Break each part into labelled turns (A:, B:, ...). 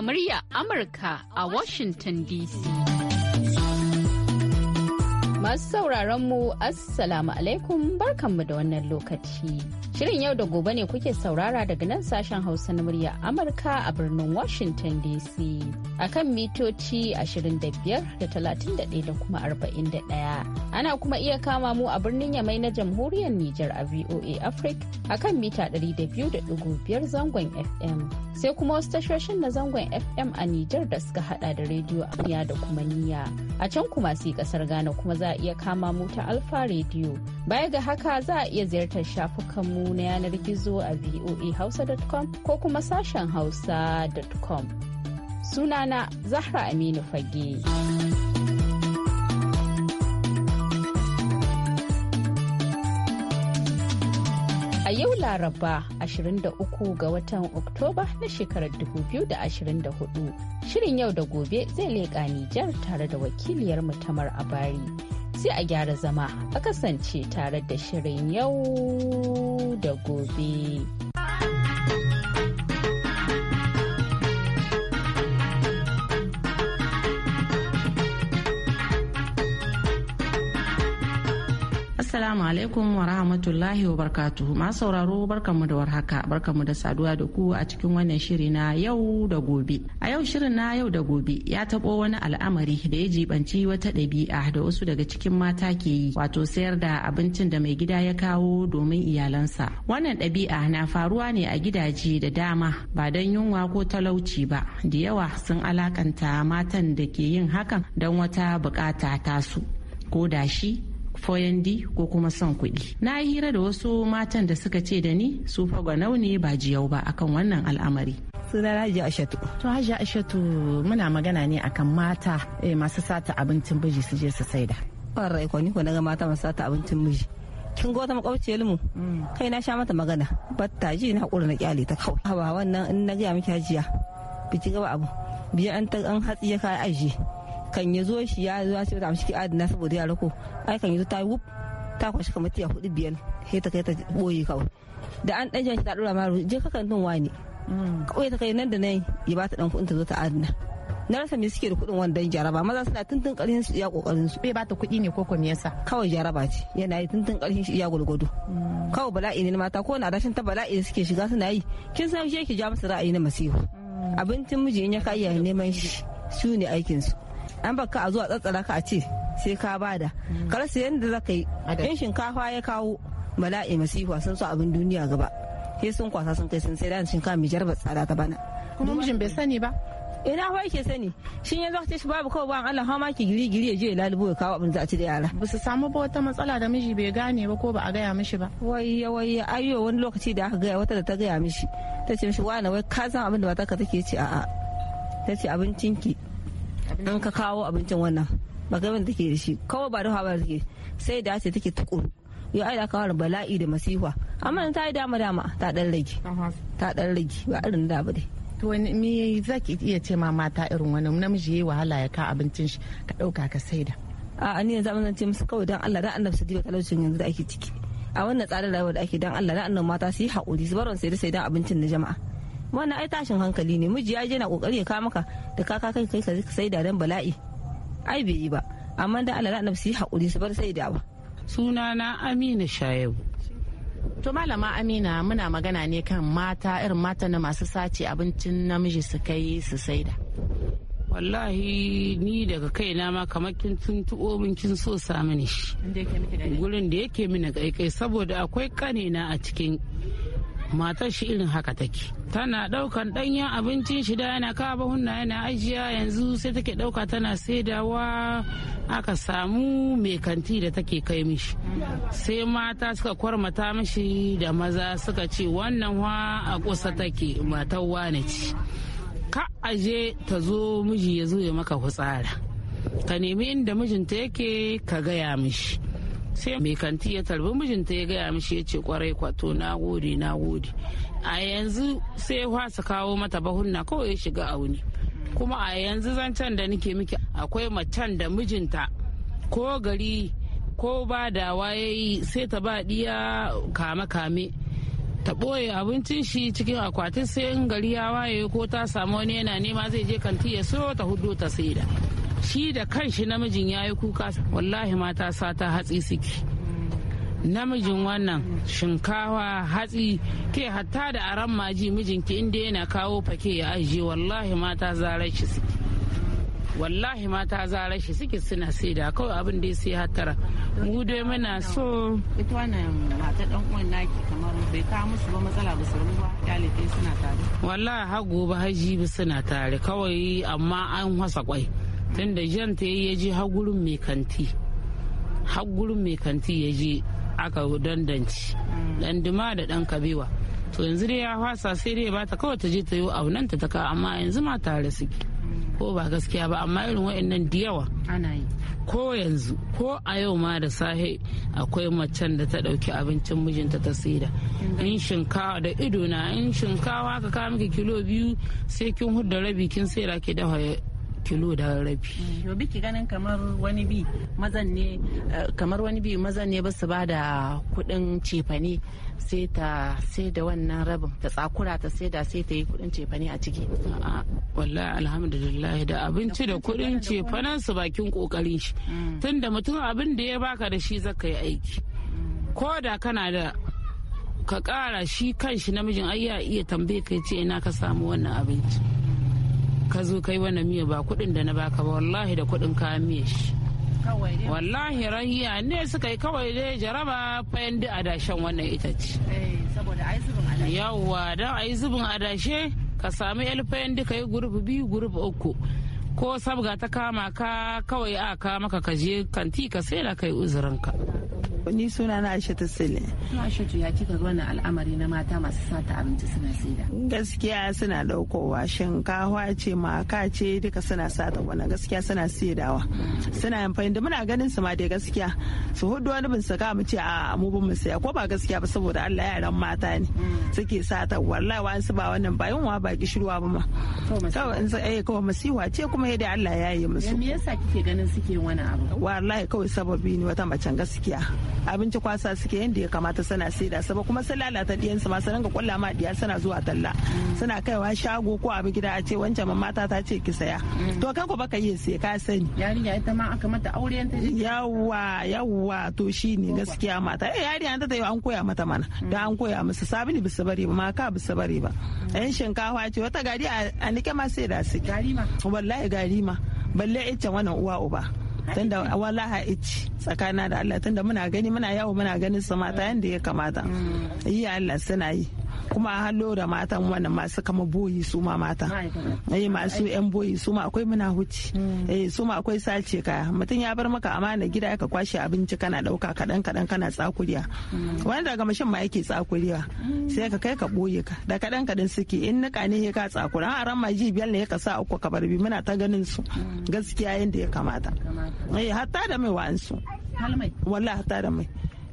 A: daga murya Amurka a Washington DC. Masu sauraron mu Assalamu alaikum barkanmu da wannan lokaci. Shirin yau da gobe ne kuke saurara daga nan sashen Hausa na murya Amurka a birnin Washington DC. a kan mitoci 25 da 31 da kuma 41. Ana kuma iya kama mu a birnin Yamai na jamhuriyar Nijar a VOA Africa a kan mita 200.5 zangon FM. Sai kuma wasu tashoshin na zangon FM a Nijar da suka hada da rediyo Amiya da kuma niya A can kuma sai kasar Ghana kuma za a iya kama mu ta Alfa rediyo Baya ga haka za a iya ziyartar shafukanmu na yanar gizo a voahausa.com ko kuma sashen hausa.com. Sunana Zahra Aminu Fage. A yau Laraba 23 ga watan Oktoba na shekarar 2024 shirin yau da gobe zai leƙa Nijar tare da wakiliyar mutamar a bari. Sai a gyara zama a kasance tare da shirin yau da gobe.
B: Assalamu alaikum wa rahmatullahi wa barkatu. Masu sauraro barkamu da warhaka, barkamu da saduwa da ku a cikin wannan shiri na yau da gobe. A yau shirin na yau da gobe ya tabo wani al'amari da ya jibanci wata ɗabi'a da wasu daga cikin mata ke yi, wato sayar da abincin da mai gida ya kawo domin iyalansa. Wannan ɗabi'a na faruwa ne a gidaje da dama ba don yunwa ko talauci ba. Da yawa sun alakanta matan da ke yin hakan don wata bukata tasu. Ko da shi Foyan di ko kuma son kuɗi na yi hira da wasu matan da suka ce da ni su fagonau ne ba jiyau ba akan wannan al'amari Sunan Hajiya Ashatu. To Hajiya Ashatu muna magana ne akan mata eh, masu sata abincin biji su je su saida.
C: Ƙwarai rai kwani ko naga mata masu sata abincin miji. kin ga wata makwabciyar mu mm. kai na sha mata magana batta ji na hakuri na ƙyale ta kawai haba wannan in na gaya miki hajiya biki gaba abu Biyan an hatsi ya kai aji kan ya zo shi ya zo ya ce shi mishi adana saboda yara ko ai kan ya zo ta yi wuf ta kwashi kamar tiya hudu biyar sai ta kai ta boye kawai da an ɗan shi ta ɗora ma je ka kan tun wani kawai ta kai nan da nan ya ba ta dan kuɗin ta zo ta adana na rasa me suke da kuɗin wannan jaraba maza suna tuntun ƙarfin su iya ƙoƙarin su bai ta kuɗi ne ko kuma yasa kawai jaraba ce yana yi tuntun ƙarfin shi iya gwargwado mm. kawai bala'i ne mata ko na rashin ta bala'i da suke shiga suna yi kin san shi yake ja musu ra'ayi na masihu mm. abincin miji in ya kai ya neman shi su ne aikinsu an baka a zuwa tsatsara ka a ce sai ka bada kar su yadda za ka yi in shinkafa ya kawo mala'i masifa sun so abin duniya gaba sai sun kwasa sun kai sun sai da shinkafa mai jarba tsada ta bana kuma mijin bai sani ba ina fa yake sani shin yanzu ka ce shi babu kawai ban Allah hama ki giri giri ya je ya lalubo ya kawo abin za a ci da yara ba su samu ba wata matsala da miji bai gane ba ko ba a gaya mishi ba wayya wayya ayyo wani lokaci da aka gaya wata da ta gaya mishi ta ce mishi wani wai ka san abin da ba ta ka take ce a'a ta ce abincin ki in ka kawo abincin wannan ba ga wanda take da shi kawai ba da hawa take sai da ce take tukuru yau ai da kawo bala'i da masifa amma ta yi dama dama ta dan rage ta dan rage ba irin da ba dai to me zaki iya ce ma mata irin wani namiji yayi wahala ya ka abincin shi ka dauka ka saida a ni yanzu zan ce musu kawai dan Allah da annabi sadiqa talaucin yanzu da ake ciki a wannan tsarin rayuwar da ake dan Allah da annabi mata su yi haƙuri su baron sai da sai dan abincin na jama'a wannan ai tashin hankali ne miji ya je na kokari ya kawo maka da kaka kai kai ka sai da dan bala'i ai bai yi ba amma da Allah na su yi hakuri su bar sai suna
B: sunana Amina Shayau to malama Amina muna magana ne kan mata irin mata na masu sace abincin namiji su kai su saida
D: wallahi ni daga kaina ma kamar kin tuntuɓo min kin so sa mini shi gurin da yake mini kaikai saboda akwai kanina a cikin matar shi irin haka take tana daukan danyen abincin shi da yana kaba hunna yana ajiya yanzu sai take dauka tana saidawa aka samu mai kanti da take kai mishi sai mata suka kwarmata mishi da maza suka ce wannan wa a kusa take matar wane ce ka aje ta zo miji ya zo ya maka hutsara ka nemi inda mijinta yake ka gaya mishi sai mai kanti ya tarbi mijinta ya gaya mishi ya ce kwarai kwato na gode na gode a yanzu sai fasa kawo mata bahunna kawai ya shiga auni kuma a yanzu zancen da nake miki akwai macen da mijinta ko gari ko ba da waye sai ta ba diya kame kame ta ɓoye abincin shi cikin akwatin sai gari ya waye ko ta samu wani yana nema zai je kanti ya so ta hudu ta saida shi da kanshi namijin ya yi kuka wallahi mata sata hatsi suke namijin wannan shinkawa hatsi ke hatta da aran maji mijinki inda yana kawo fake ya ajiye wallahi mata zarar shi suke wallahi mata zarar shi suke suna sai da kawai abin da ya sai hatara mu dai muna so
B: ita wannan mata dan uwan naki kamar bai kawo musu ba matsala ba su ruwa dalibai
A: suna
D: tare wallahi har gobe haji bi suna tare kawai amma an hasa kwai tunda jan ta ya je har mai kanti hagurin mai kanti ya ji aka dandanci dan dima da dan kabewa to yanzu dai ya fasa sai dai ba ta kawai ta je ta yi aunan ta taka amma yanzu ma tare suke ko ba gaskiya ba amma irin wa'annan da yawa ko yanzu ko a yau ma da sahe akwai macen da ta ɗauki abincin mijinta ta saida in shinkawa da ido na in shinkawa ka kawo miki kilo biyu sai kin hudu rabi kin tsira ki dawa kilo da rabi.
B: To biki ganin kamar wani bi mazan ne eh, kamar wani bi mazan ne ba su ba da kuɗin cefane sai ta sai da wannan rabin ta tsakura ta sai da sai ta yi kuɗin cefane a ciki.
D: Wallahi alhamdulillah da abinci da kuɗin cefanen su bakin kokarin shi. Mm. Tunda mutum abin da ya baka da shi zaka yi aiki. Mm. Ko da kana da ka kara shi kan shi namijin ayya iya tambaye ka ce ina ka samu wannan abinci. ka zo kai wani miya ba kuɗin da na baka ba wallahi da kuɗin ka miya shi wallahi rahiya ne suka yi kawai dai jaraba fayan da adashen wannan ita ce eh, yawwa don a yi zubin adashe ka sami elfayan duka yi gurufu biyu gurufu uku ko sabga ta kama ka kawai a ka maka ka je kanti ka sai da kai uzurinka.
E: ni suna na Aisha ta Sile.
B: Aisha ya kika ga wannan al'amari na mata masu sata abinci suna saida.
E: Gaskiya suna ɗaukowa shinkafa ce maka ce duka suna sata wannan gaskiya suna saidawa. Suna amfani da muna ganin su ma dai gaskiya su hudu wani bin saka mu ce a mu bin mu saya ko ba gaskiya ba saboda Allah yaran mata ne suke sata wallahi wa su ba wannan ba yunwa ba kishirwa ba ma. Kawai in sai eh, kawai masiwa ce kuma yadda Allah ya yi musu. Me yasa kike ganin suke wani abu? Wallahi kawai sababi ne wata macen gaskiya. abinci kwasa suke yadda ya kamata sana saida su kuma sun lalata diyansu ma su ga kulla ma diya suna zuwa talla suna kaiwa shago ko abin gida a ce wancan mamma ta ta ce ki saya to kan ku baka yi sai ka sani yarinya ita ma aka mata aure ta yawa yawa to shine gaskiya mata eh yarinya ta tayi an koya mata mana da an koya musu sabini bisa bare ba maka bisa bare ba yan shinkafa ce wata gari a nike ma sai da su gari ma wallahi gari ma balle ita wannan uwa uba tunda wallaha ici tsakana da Allah tunda muna gani muna yawo muna ganin su mata yanda ya kamata mm. yi Allah suna yi kuma hallo da matan wannan masu kama boyi su ma mata eh masu yan boyi su ma akwai muna huci hmm. eh su ma akwai sace kaya mutum ya bar maka amana gida ka kwashe abinci kana dauka kadan kadan kana tsakuriya hmm. wani daga mashin ma yake tsakuriya hmm. sai ka kai ka boye ka da kadan kadan suke in nika ne ka tsakura a ran maji biyar ne ka sa uku ka barbi muna ta ganin su gaskiya yanda ya kamata eh hatta da mai wa'ansu wallahi hatta da mai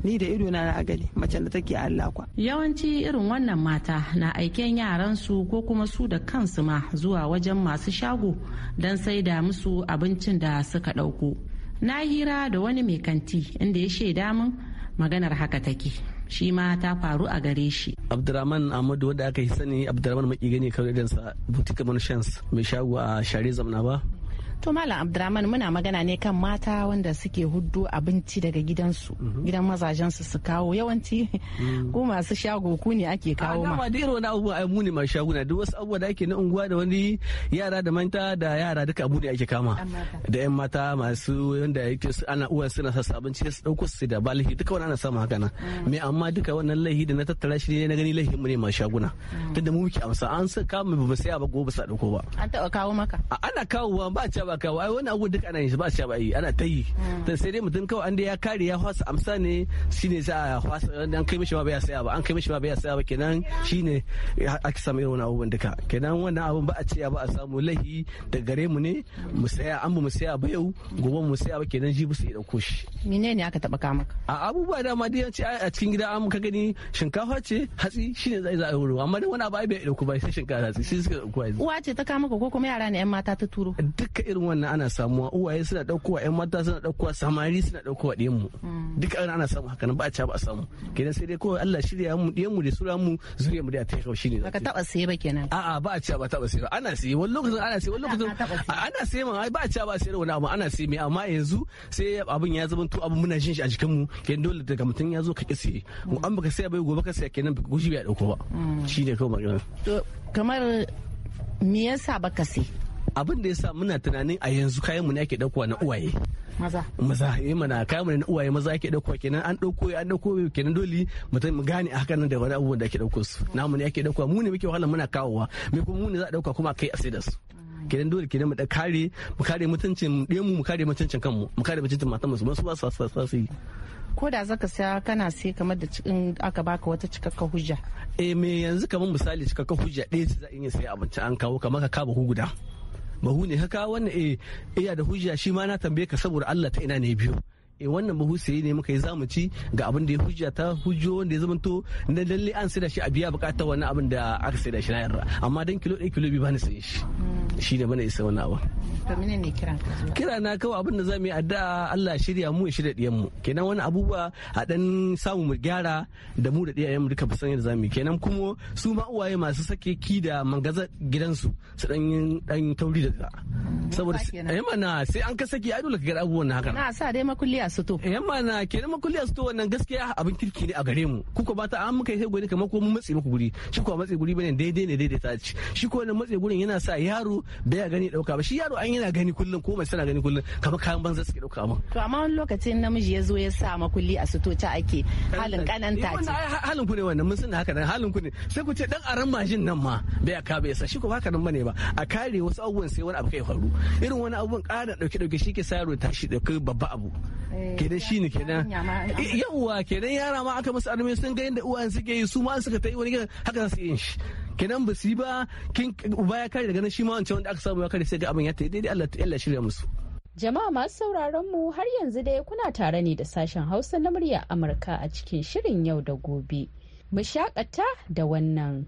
E: ni da ido na gani macen da take Allah kwa
B: yawanci irin wannan mata na aiken yaran su ko kuma su da kansu ma zuwa wajen masu shago don sai da musu abincin da suka ɗauko na hira da wani mai kanti inda ya shaida min maganar haka take shi ma ta faru a gare shi.
F: Abdurrahman Ahmadu wanda aka yi sani Abdurrahman maki gani kawai idan sa Boutique mai shago a Share Zamna ba to
B: malam abdurrahman muna magana ne kan mata wanda suke huddo abinci daga gidansu mhm. gidan mazajen su su kawo yawanci mhm. ko masu shago ku ne ake kawo ma
F: a dai wani abubuwa ai mu ne masu shaguna duk wasu abubuwa da ake na unguwa da wani yara da manta da yara duka abu ne ake kama da yan mata masu wanda yake ana uwan suna sa abinci su dauko su da balihi duka wani ana samu haka na mm. me amma duka wannan laihi da na tattara shi ne na gani laihin mu ne masu shaguna mm. tunda mu muke amsa an sa kama ba mu saya ba gobe ba sa dauko ba an taba kawo maka ana kawowa ba a ba kawo ai wani abu duka ana yin shi ba shi ba yi ana ta yi hmm. to sai dai mutum kawai an da ya kare ya hwasa amsa ne shine sai a hwasa an kai mishi ma bai saya ba an kai mishi ma bai saya ba kenan shine aka samu irin wani abu duka kenan wannan abun ba a ce ba a samu lahi da gare mu ne mu saya an mu saya ba yau gobe mu saya ba kenan jibi sai dauko shi
B: menene aka taba ka maka
F: a abubuwa dama dai a cikin gida an ka gani shinkafa ce hatsi shine zai za a wuri amma dai wani abu ai bai dauko ba sai shinkafa hatsi sai suka dauko uwa
B: ce ta kama ko kuma yara ne yan mata ta turo
F: duka irin irin wannan ana samuwa uwaye suna daukowa yan mata suna daukowa samari suna daukowa ɗiyan mu hmm. duk ana ana samu haka ba a ci ba a samu kenan sai dai kawai Allah shirya mu ɗiyan mu da sura mu zuriya mu da ta kaushi ne baka taba siye ba kenan a'a ba a ci ba taba siye ana siye wani lokacin ana siye wani lokacin ana siye ma ba a ci ba a wani amma ana siye mai amma yanzu sai abin ya zama to abin muna jin shi a jikin mu kenan dole daga mutum ya zo ka kisi hmm. an baka sai bai gobe ka sai kenan gushi bai dauko ba hmm. shine kawai magana kamar me yasa baka sai abin da ya sa muna tunanin a yanzu kayan mu ne ake daukowa na uwaye maza maza eh mana kayan mu ne na uwaye maza ake daukowa kenan an dauko an dauko kenan dole mutum mu gane a hakan da wani abubuwan da ake dauko su namu ne ake daukowa mu ne muke wahala muna kawowa me kuma mu ne za a dauka kuma kai a sai da su kenan dole kenan mu da kare mu kare mutuncin mu mu kare mutuncin kanmu mu kare mutuncin matan mu su ba su su
B: ko da zaka saya kana sai kamar da cikin aka baka wata cikakka hujja
F: eh me yanzu kamar misali cikakka hujja ɗaya ce za in iya sai abinci an kawo kamar ka kaba hu guda bahu ne haka wannan e eh, iya eh, da hujja shi ma na tambaye ka saboda Allah ta ina ne biyu e eh, wannan buhu sai ne muka yi zamu ci ga abin da ya hujja ta hujjo wanda ya zamanto na lalle an sai da shi a biya bukatar wannan abin da aka sai da shi na yarda amma dan kilo ɗaya kilo biyu ba ni sai shi. shi da bane isa wani abu kira na kawai abin da za mu yi da Allah shirya mu ya shirya ɗiyan mu kenan wani abubuwa a dan samu mu gyara da mu da ɗiyan mu duka san yadda za mu yi kenan kuma su ma uwaye masu sake ki da mangaza gidansu su dan dan tauri da saboda yamma na eh, sai an ka saki ai dole ka ga abubuwan haka na sa dai makulli su suto yamma eh, na kenan makulli su suto wannan gaskiya abin kirki ne a gare mu ko ba ta an muka yi sai gori kamar ko mun matsi muku guri shi ko matsi guri bane daidai ne daidai ta ci shi ko wannan matsi gurin yana sa yaro bai gani dauka ba shi yaro an yana gani kullum ko bai sana gani kullum kamar kayan banza suke dauka ma.
B: to amma wani lokacin namiji ya zo ya sa makulli a sutota
F: ake halin kananta eh, ce halin ku ne wannan mun suna haka nan halin ku ne sai ku ce dan aran mashin nan ma bai ka bai sa shi ko haka nan bane ba a kare wasu abubuwan sai wani abu kai faru irin wani abubuwan ƙara dauke dauke shi ke sa yaro tashi dauke babba abu eh, kenan shi ne kenan yauwa kenan yara ma aka masu armi sun ga yadda uwan suke yi su ma suka ta yi wani haka za su yin shi kenan ba su yi ba kin uba ya kare daga nan shi ma wancan wanda aka samu ya kare sai ga abin ya ta daidai Allah Allah shirya musu
A: Jama'a masu sauraron mu har yanzu dai kuna tare ne da sashen Hausa na murya Amurka a cikin shirin yau da gobe. Mu shakata da wannan.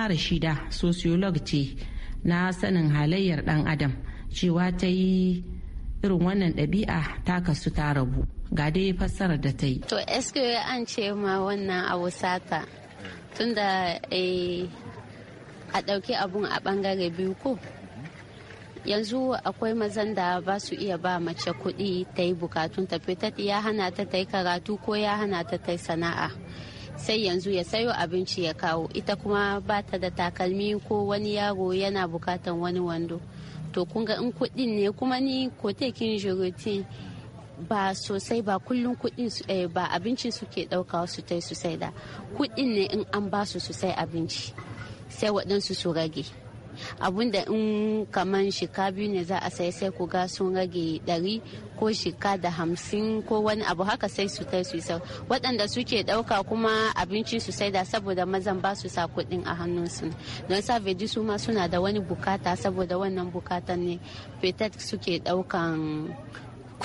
B: malama rashida sociologue ce na sanin halayyar dan adam cewa ta yi irin wannan ɗabi'a ta kasu ta rabu ga dai fassara da ta yi
G: to eske an ce ma wannan abu sata tunda eh, a ɗauki abun a ɓangare biyu ko yanzu akwai mazan da ba su iya ba mace kuɗi ta yi bukatun tafi ya hana ta ta yi karatu ko ya hana ta ta yi sana'a sai yanzu ya sayo abinci ya kawo ita kuma ba ta da takalmi ko wani yaro yana bukatan wani wando to kunga in kudin ne kuma ni tekin jorotin ba sosai ba kullum su eh, ba abincin suke ɗauka su tai su sai da kuɗin ne in an ba su su abinci sai waɗansu su rage da in kaman shika biyu ne za a sai sai ku ga sun rage ɗari ko shika da hamsin ko wani abu haka sai su kai su sau waɗanda suke ɗauka kuma abincin su sai da saboda mazan ba su sa kuɗin a hannun hannunsu don sa saveji su ma suna da wani bukata saboda wannan bukatan ne fetet suke ɗaukan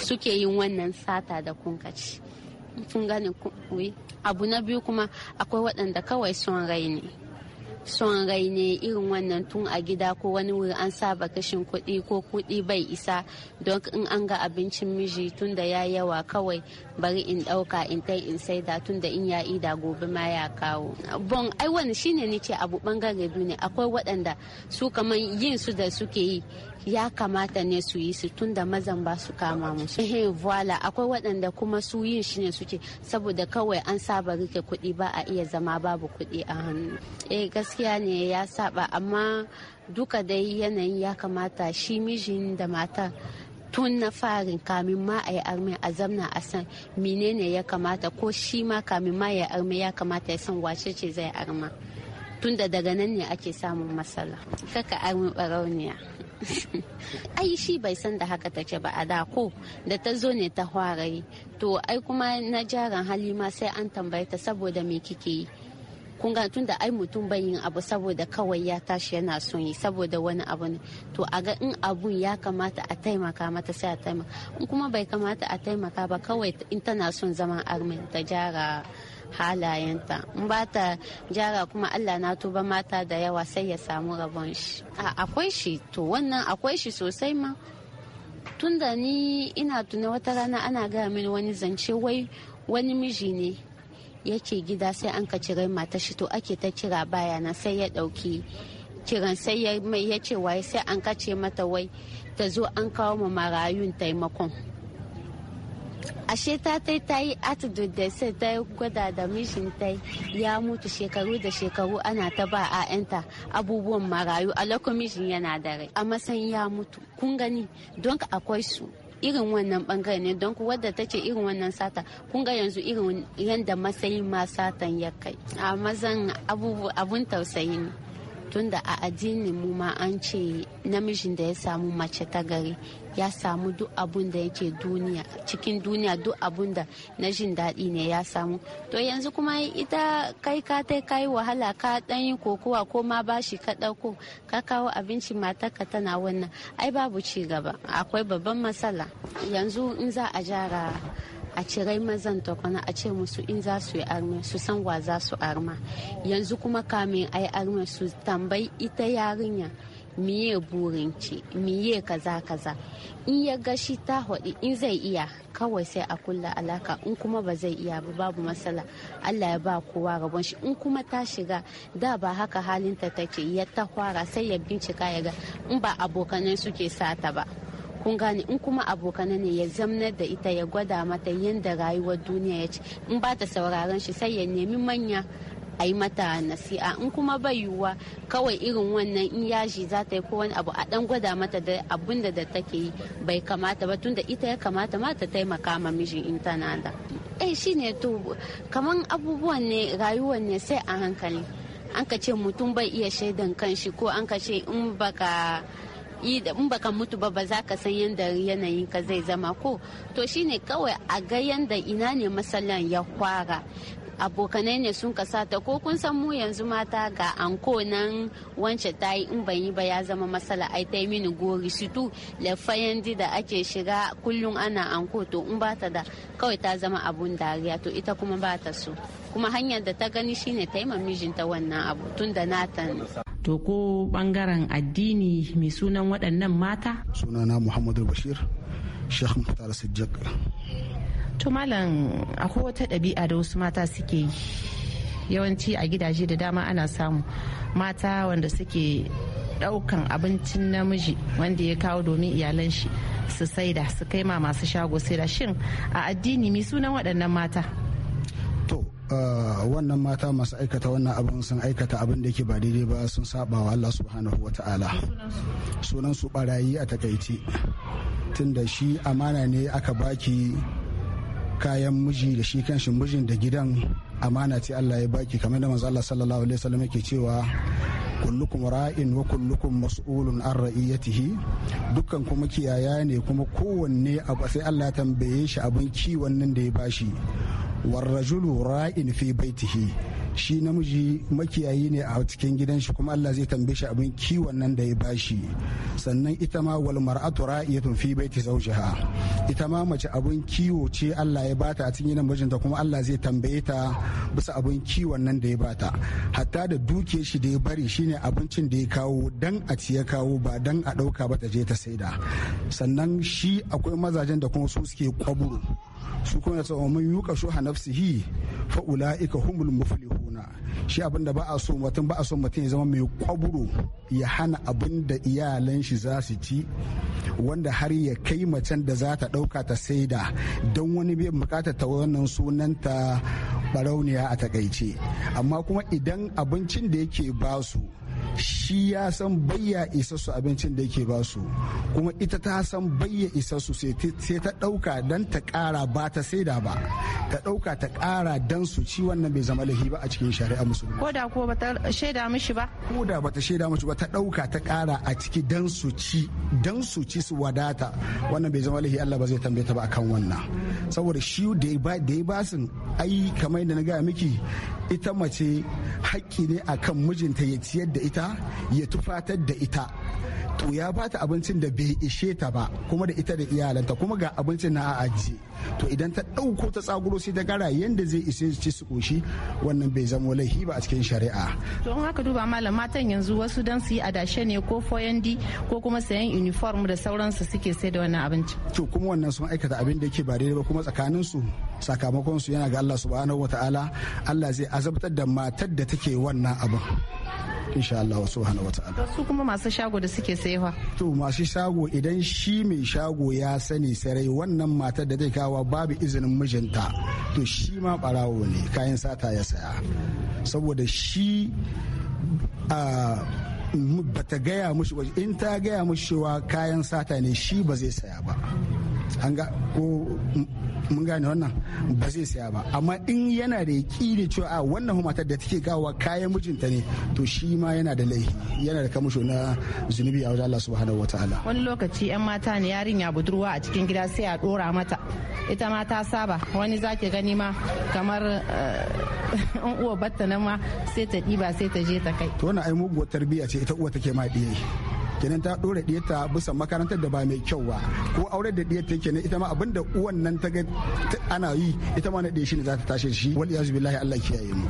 G: suke yin wannan sata da kunkaci kun gane abu na biyu kuma akwai waɗanda kawai sun rai ne son rai ne irin wannan tun a gida ko wani wuri an saba kashin kuɗi ko kuɗi bai isa don in an ga abincin miji tun da ya yawa kawai bari in ɗauka in tai in saida tun da in ya ida gobe ma ya kawo bon ai wani shine ni ce abu bangare biyu ne akwai waɗanda su kamar yin su da suke yi ya kamata ne su yi su tunda da mazan ba su kama musu He voila akwai waɗanda kuma su yin shi ne suke saboda kawai an saba rike kuɗi ba a iya zama babu kuɗi a hannu eh gaskiya ne ya saba amma duka dai yanayin ya kamata shi mijin da mata tun na farin kamin ma a yi arme a zamna a san menene ya kamata ko shi ma kamin ma ya arme ya kamata ya san wace ce zai arma tunda daga nan ne ake samun matsala kaka armi barauniya ai shi bai san da haka ta ce ba a da ko da ta zo ne ta fara to ai kuma na jaran hali ma sai an tambaye ta saboda me kike yi kun ga da ai mutum bai yin abu saboda kawai ya tashi yana son yi saboda wani abu ne to a ga in abun ya kamata a taimaka mata sai a taimaka in kuma bai kamata a taimaka ba kawai in tana son zaman armen ta jara halayenta in ba ta jara kuma allah na tuba mata da yawa sai ya samu rabon shi akwai shi to wannan akwai shi sosai ma tunda ni ina tuna wata rana ana gaya mini wani zance wai wani miji ne ya gida sai an ka cire mata shi to ake ta kira baya na sai ya ɗauki kiran sai ya mai ya ce waye sai an kace mata wai ta zo an kawo ma marayun taimakon ashe ta tai ta yi attitude da sai ta gwada da mishin ta ya mutu shekaru da shekaru ana ta ba a yanta abubuwan marayu a lokacin yana da rai a masan ya mutu kun gani don akwai su irin wannan bangare ne don da ta ce irin wannan sata kun ga yanzu irin yadda matsayin ma satan ya kai a mazan abun tausayi ne tunda a addinin mu ma an ce namijin da ya samu mace ta gari ya samu duk abun da yake duniya cikin duniya duk abun da na jin daɗi ne ya samu to yanzu kuma ita kai ka ta kai wahala ka dan yi kokowa ko ma bashi ka ɗauko ka kawo abinci matarka tana wannan ai babu ci gaba akwai babban matsala yanzu in za a jara a cirai mazan tokona a ce musu in za su yi arme su san wa za su arma yanzu kuma kamin a yi arme su tambayi ita yarinya miye burinci miye kaza kaza in ya ga shi ta hodi in zai iya kawai sai a kulla alaka in kuma ba zai iya ba babu matsala allah ya ba kowa rabon shi in kuma ta shiga da ba haka halinta take ya ta kwara sai ya bincika ya ga in ba abokanai suke sata ba kun gane in kuma abokana ne ya zamnar da ita ya gwada mata yadda rayuwar duniya ya ce in ba ta sauraron shi sai ya nemi manya a yi mata nasi'a in kuma bai yiwuwa kawai irin wannan in yaji za ta yi ko wani abu a dan gwada mata da abun da take yi bai kamata ba tunda ita ya kamata ma ta taimaka ma mijin in tana da eh shine to kaman abubuwan ne rayuwar ne sai a hankali an ka ce mutum bai iya shaidan kanshi ko an ka ce in baka in baka mutu ba ba za ka san yadda yanayin ka zai zama ko to shine kawai a ga yadda ina ne masallan ya kwara abokanai ne sun kasata ko kun san mu yanzu mata ga anko nan wance ta yi in ban yi ba ya zama matsala ai ta yi mini gori situ lafayan da ake shiga kullum ana anko to in ba ta da kawai ta zama abun dariya to ita kuma ba ta so kuma hanyar da ta gani shine ta yi mijinta wannan abu tun da nata
B: to ko bangaren addini mai sunan waɗannan mata
H: sunana muhammadu bashir sheikh muhtar sijjak
B: to malam akwai wata ɗabi'a da wasu mata suke yi yawanci a gidaje da dama ana samu mata wanda suke ɗaukan abincin namiji wanda ya kawo domin iyalan shi su saida su kai ma masu shago saida shin a addini mai sunan waɗannan mata
H: Ah, wannan mata masu aikata wannan abin sun aikata abin da yake ba daidai ba sun saba wa Allah subhanahu wa ta'ala sunan su barayi a takaici. tunda shi amana ne aka baki kayan miji da shi kanshi mijin da gidan amana ce Allah ya baki kamar da manzo Allah sallallahu alaihi wasallam yake cewa kullukum ra'in wa kullukum mas'ulun an ra'iyatihi dukkan kuma kiyaya ne kuma kowanne abu sai Allah ya tambaye shi abin kiwon nan da ya bashi والرجل راء في بيته shi namiji makiyayi ne a cikin gidan shi kuma Allah zai tambaye shi abin kiwon nan da ya bashi sannan ita ma wal mar'atu ra'iyatun fi baiti zawjiha ita ma mace abin kiwo ce Allah ya bata a cikin gidan mijinta kuma Allah zai tambaye ta bisa abin kiwon nan da ya bata hatta da duke shi da ya bari shine abincin da ya kawo dan a ciye kawo ba dan a dauka ba ta je ta saida sannan shi akwai mazajen da kuma su suke kwaburu su kuma da mun yuka shuha nafsihi fa ulaika humul muflihu auna shi abin da ba a so mutum ba a so mutum ya zama mai kwaburo ya hana abin da iyalan shi za su ci wanda har ya kai macen da za ta ɗauka ta saida don wani bai bukata ta wannan sunanta barauniya a takaice amma kuma idan abincin da yake basu shi ya san bayya isa su abincin da yake ba su kuma ita ta san bayya isa su sai ta ɗauka don ta ƙara ba ta saida ba ta ɗauka ta ƙara don su ci wannan bai zama lahi ba a cikin shari'a musulmi ko da ko ba ta shaida mishi ba ko da ba ta shaida mishi ba ta ɗauka ta ƙara a ciki don su ci don su ci su wadata wannan bai zama lahi Allah ba zai tambaye ta ba akan wannan saboda shi da ya ba su ai kamar yadda na gaya miki ita mace haƙƙi ne akan mijinta ya ciyar da ita ita ya tufatar da ita to ya bata abincin da bai ishe ta ba kuma da ita da iyalanta kuma ga abincin na ajiye to idan ta ɗauko ta tsaguro sai ta gara yadda zai ishe ci su koshi wannan bai zamo laifi ba a cikin shari'a
B: to in haka duba malam matan yanzu wasu dan su yi adashe ne ko foyandi ko kuma sayan uniform da sauransu suke sai da wannan abinci
H: to kuma wannan sun aikata abin da yake ba daidai ba kuma tsakanin su sakamakon su yana ga Allah subhanahu ta'ala Allah zai azabtar da matar da take wannan abin insha Allah wa subhanahu ta'ala.
B: su kuma masu shago da suke
H: sayewa to masu shago idan shi mai shago ya sani sarai wannan matar da zai kawo babu izinin mijinta to shi ma barawo ne kayan sata ya saya saboda shi bata gaya mushi in ta gaya mushi cewa kayan sata ne shi ba zai saya ba an ga ko mun gane wannan ba zai saya ba amma in yana da yaki da cewa a wannan matar da take kawo kayan mijinta ne to shi ma yana da laifi yana da kamusho na zunubi a wajen Allah subhanahu wataala
B: wani lokaci yan mata ne yarinya budurwa a cikin gida sai a dora mata ita ma ta saba wani zaki gani ma kamar eh, an uwa batta na ma sai ta diba sai ta je ta kai
H: to wannan ai muguwar tarbiyya ce ita uwa take ma diye kenan ta dora diyarta bisa makarantar da ba mai kyau ba ko aure da diyarta kenan ita ma da uwan nan ta ga ana yi ita ma na ɗaya shi ne za ta tashi shi wal iyazu billahi Allah kiyaye mu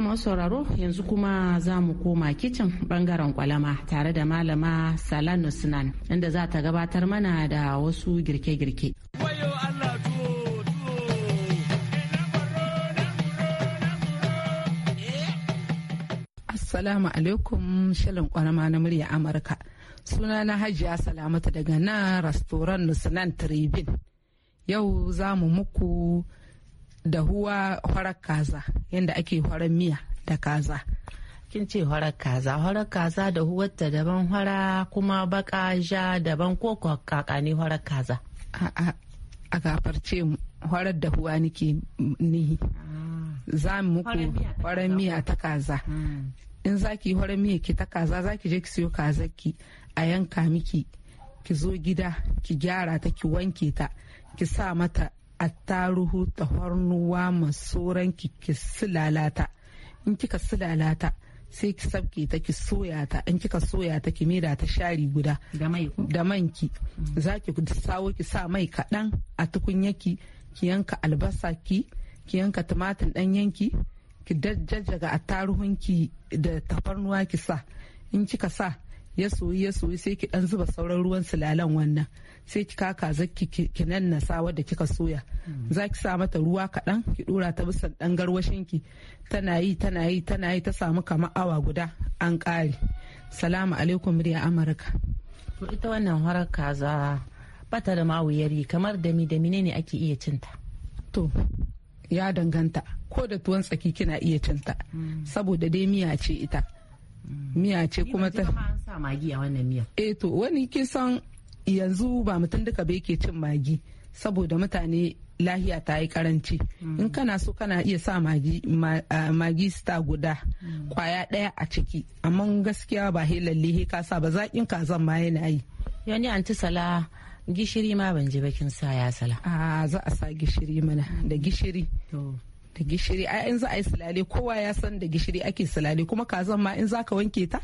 B: madalla sauraro yanzu kuma za mu koma kicin bangaren kwalama tare da malama salanu sinan inda za ta gabatar mana da wasu girke-girke.
I: Assalamu alaikum shirin kwarama na murya Amurka. suna na Hajiya Salamatu daga nan restoran Nusinan Tribune. Yau za mu muku da huwa horar kaza yadda ake horar miya da kaza kin ce horar kaza horar kaza da huwarta
B: daban hora kuma baka ja daban ko kaka ne horar kaza a
I: a gafarce mu horar da huwa nake ni za mu muku horar miya ta kaza hmm. in za ki horar miya ki ta kaza za ki je ki siyo kaza ki a yanka miki ki zo gida ki gyara ta ki wanke ta ki sa mata attaruhu tafarnuwa masu ranki ki sulalata in kika sulalata sai ki sabke ta ki soya ta in kika soya ta ki maida ta shari guda da man ki mm. za ki sawo ki sa mai kaɗan a tukunyaki ki yanka albasa ki ki yanka tumatir ɗan yanki ki jajjaga attaruhun ki da tafarnuwa ki sa in kika sa ya soyi ya soyi sai ki dan zuba sauran ruwan sulalan wannan sai ki kaka zaki ki nannasa da kika soya mm. za ki sa mata ruwa kaɗan ki dora ta bisa dan garwashin ki tana yi tana yi tana yi ta samu kamar awa guda an kare salamu alaikum murya amurka to ita wannan harar
B: kaza bata da mawuyari kamar
I: dami dami ne ake iya cinta to ya danganta ko da tuwon tsaki kina iya cinta mm. saboda dai miya ce ita miya ce kuma ta sa magi a wannan eh to wani kisan yanzu ba mutum duka bai ke cin magi saboda mutane lahiya ta yi karanci hmm. in kana so kana iya sa magi magi guda hmm. kwaya daya a ciki amma gaskiya ba he lalle he ka sa ba zakin zan ma yana yi yani anti sala gishiri ma ban ji bakin sa ya sala a ah, za a sa gishiri mana da gishiri da gishiri ai in za a yi sulale kowa ya san da gishiri ake sulale kuma kazan ma in za ka wanke ta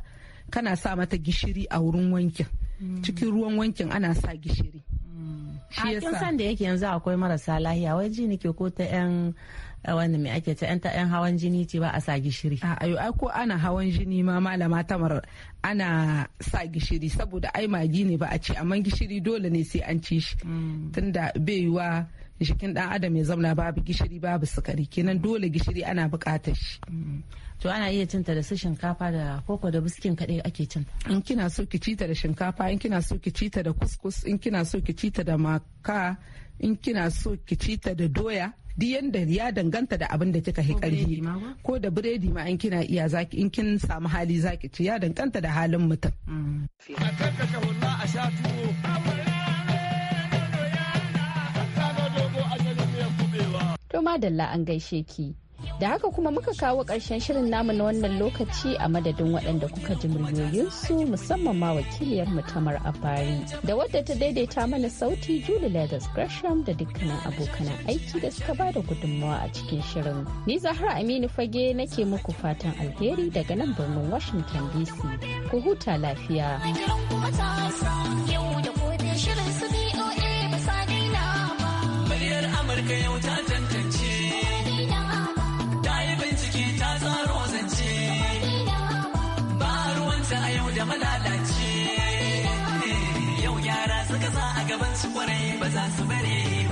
I: kana sa mata gishiri a wurin wankin mm. cikin ruwan wankin ana sa gishiri mm. shi yasa san
B: da yake yanzu akwai marasa lahiya wai ji nake ko ta yan eh, wanda mai ake ta yan ta yan hawan
I: jini ce ba a sa gishiri a ayo ai ko ana hawan jini ma malama tamar ana sa gishiri saboda ai magi ne ba a ci amma gishiri dole ne sai an ci shi mm. tunda bai yiwa jikin dan adam ya zauna babu gishiri babu sukari kenan dole gishiri ana buƙatar shi mm. to ana iya cinta da su shinkafa da koko da biskin kaɗai ake cin in kina so ki cita da shinkafa in kina so ki cita da kuskus in kina so ki cita da maka in kina so ki cita da doya duk yanda ya danganta da abin da kika yi karfi ko da biredi ma in kina iya zaki in kin samu hali zaki ci ya danganta da halin mutum mm.
F: a a sha tuwo
A: To Dalla an gaishe ki. Da haka kuma muka kawo ƙarshen shirin namu na wannan lokaci a madadin waɗanda kuka ji muryoyinsu musamman ma wakiliyar mutamar a bari da wadda ta daidaita mana sauti Julie Leathers Gresham da dukkanin abokan aiki da suka bada gudunmawa a cikin shirin. Ni Zahra Aminu Fage nake muku fatan alheri daga nan birnin Washington DC. Ku huta lafiya.
F: aure ba za su